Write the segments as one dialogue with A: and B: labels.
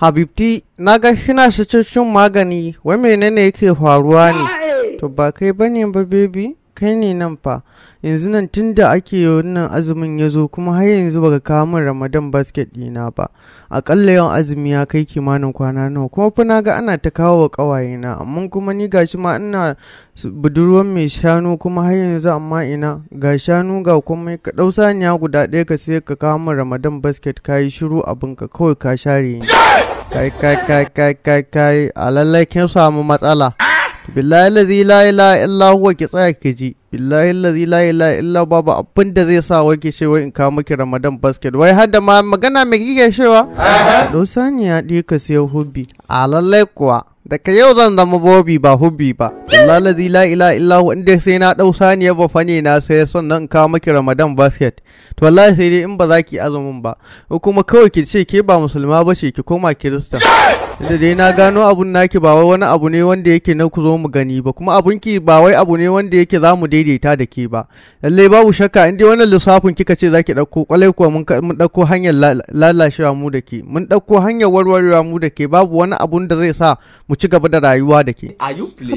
A: habibti na ga kina shi magani wai menene yake faruwa ne eh. to ba kai bane ba baby kai ne nan fa yanzu nan tun da ake wannan azumin ya zo kuma har yanzu baka kawo min ramadan basket ɗina ba aƙalla yawan azumi ya kai kimanin kwana nawa kuma fa na ga ana ta kawo wa ƙawayena amma kuma ni gashi ma ina budurwan mai shanu kuma har yanzu amma ina ga shanu ga kuma ka ɗau saniya guda ɗaya ka sai ka kawo min ramadan basket ka yi shiru ka kawai ka share ni kai kai kai kai kai kai a lallai kin samu matsala. billahi lazi la ilaha illa huwa ki tsaya ki ji billahi lazi la ilaha illa babu abin da zai sa wai ki ce wai in kawo miki ramadan basket wai har da ma magana me kike cewa sani ya dai ka sayo hubbi a lallai kuwa daga yau zan zama bobi ba hubbi ba billahi lazi la ilaha illa huwa inda sai na ɗau ya ba fane na sai sannan in kawo miki ramadan basket to wallahi sai dai in ba za ki azumin ba ko kuma kawai ki ce ke ba musulma ba ce ki koma kirista da dai na gano abun naki ba wai wani abu ne wanda yake na ku zo mu gani ba kuma abun ki ba wai abu ne wanda yake za mu daidaita da ke ba lallai babu shakka in wannan lissafin kika ce zaki dauko kwalai kuwa mun mun dauko hanyar lalashewa mu da ke mun dauko hanyar warwarewa mu da ke babu wani abun da zai sa mu ci gaba da rayuwa da ke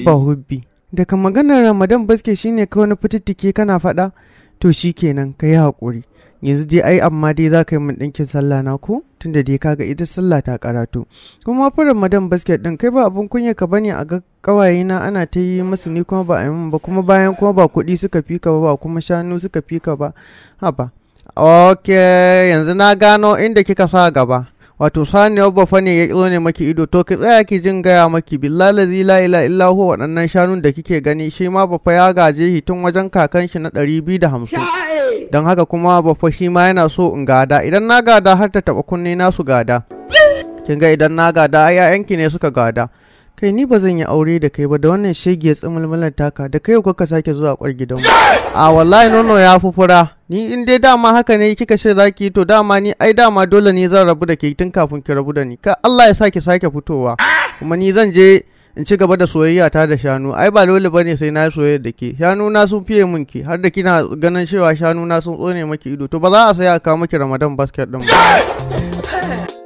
A: ba hubbi daga maganar ramadan baske shine kai wani fitittike kana faɗa to shikenan ka yi haƙuri yanzu dai ai amma dai za ka yi min ɗinkin sallah na ko tunda dai kaga ita sallah ta karatu kuma furin madam basket ɗin kai ba abun kunya ka bane a ga kawaye na ana ta yi musu ni kuma ba a yi ba kuma bayan kuma ba kuɗi suka fi ba ba kuma shanu suka fi ka ba haba ok yanzu na gano inda kika sa gaba wato saniyar bafa ne ya zo ne maki ido to ki tsaya ki jin gaya maki billahi la ila illa huwa waɗannan shanun da kike gani shi ma bafa ya gaje shi tun wajen kakan shi na ɗari biyu da hamsin don haka kuma babba shi ma yana so in gada idan na gada har ta taba kunne na su gada kin ga idan na gada ai ƴaƴanki ne suka gada kai ni ba zan yi aure da kai ba da wannan shege ya tsimulmulan taka da kai kuka sake zuwa kwar gidan mu a wallahi nono ya fi fura ni in dai dama haka ne kika ce zaki to dama ni ai dama dole ne zan rabu da ke tun kafin ki rabu da ni ka Allah ya sake sake fitowa kuma ni zan je in ci gaba da soyayya ta da shanu ai ba dole ne sai na soyayya da ke shanu na sun fiye min ki har da kina ganin cewa shanu na sun tsone maki ido to ba za a saya ka maki ramadan basket din ba